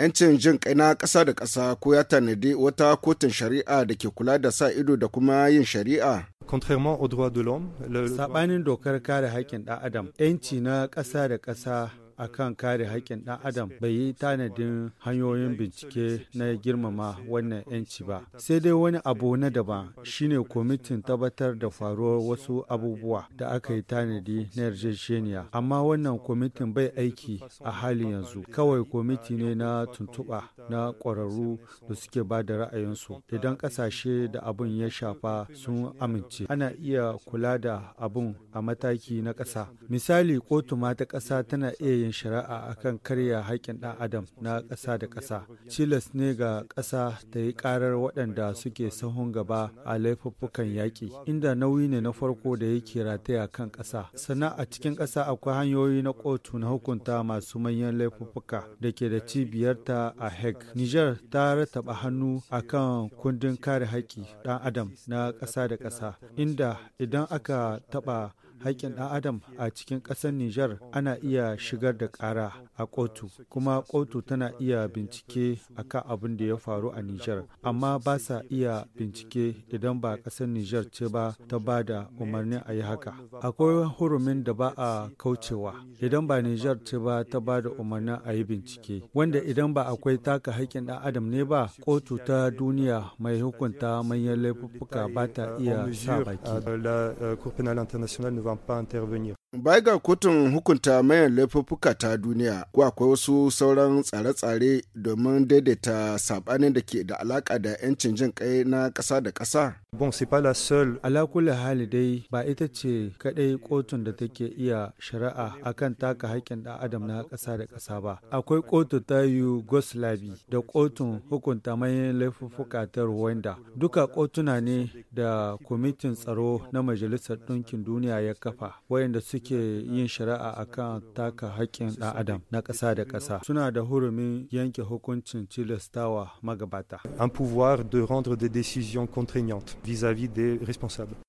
'yancin jin kai na ƙasa da ƙasa ko ya tanadi wata kotun shari'a da ke kula da sa ido da kuma yin shari'a contrairement aux droits dokar kare haƙƙin ɗan adam, ‘yanci na ƙasa da ƙasa A kan kare haƙƙin ɗan adam bai yi tanadin hanyoyin bincike na girmama wannan 'yanci ba sai dai wani abu na daban shine kwamitin tabbatar da faruwar wasu abubuwa da aka yi tanadi na yarjejeniya amma wannan kwamitin bai aiki a halin yanzu kawai kwamiti ne na tuntuɓa na ƙwararru da suke ba da ra'ayinsu idan ƙasashe da abin ya shafa sun amince ana iya kula da abun a mataki na ƙasa misali kotuma ta ƙasa tana iya shari'a akan karya haƙƙin ɗan adam na ƙasa da ƙasa cilas ne ga ƙasa ta yi ƙarar waɗanda suke sahun gaba a laifuffukan yaƙi inda nauyi ne na farko da yake rataya kan ƙasa sannan a cikin ƙasa akwai hanyoyi na kotu na hukunta masu manyan laifuffuka da ke da cibiyarta a hague niger ta rataba hannu akan kundin kare haƙƙi ɗan adam na ƙasa da ƙasa inda idan aka taɓa haƙƙin ɗan adam a cikin ƙasar Nijar ana iya shigar da ƙara a kotu kuma kotu tana iya bincike akan abin da ya faru a Nijar amma ba sa iya bincike idan ba ƙasar Nijar ce ba ta ba da umarnin a yi haka. Akwai hurumin da ba a kaucewa idan ba Nijar ce ba ta ba da umarnin a yi bincike wanda idan ba akwai taka haƙƙin ɗan adam ne ba kotu ta duniya mai hukunta manyan laifuffuka ba ta iya sa baki. Euh, pas intervenir. Bai ga kotun hukunta mayan laifuffuka ta duniya, ko akwai wasu sauran tsare-tsare domin daidaita sabanin da ke da alaka da 'yancin jin kai na ƙasa da ƙasa? Bon, c'est pas la seule. Alakula halidai ba ita ce kadai kotun da take iya shari'a akan taka haƙƙin da adam na ƙasa da ƙasa ba. Akwai kotu ta Yugoslavi da kotun hukunta mayan laifuffuka ta Rwanda. Duka kotuna ne da kwamitin tsaro na Majalisar Ɗinkin Duniya ya kafa, wayanda su suke yin shari'a akan taka haƙƙin ɗan adam na ƙasa da ƙasa suna da hurumin yanke hukuncin tilastawa magabata. Un pouvoir de rendre des décisions contraignantes vis-à-vis des responsables.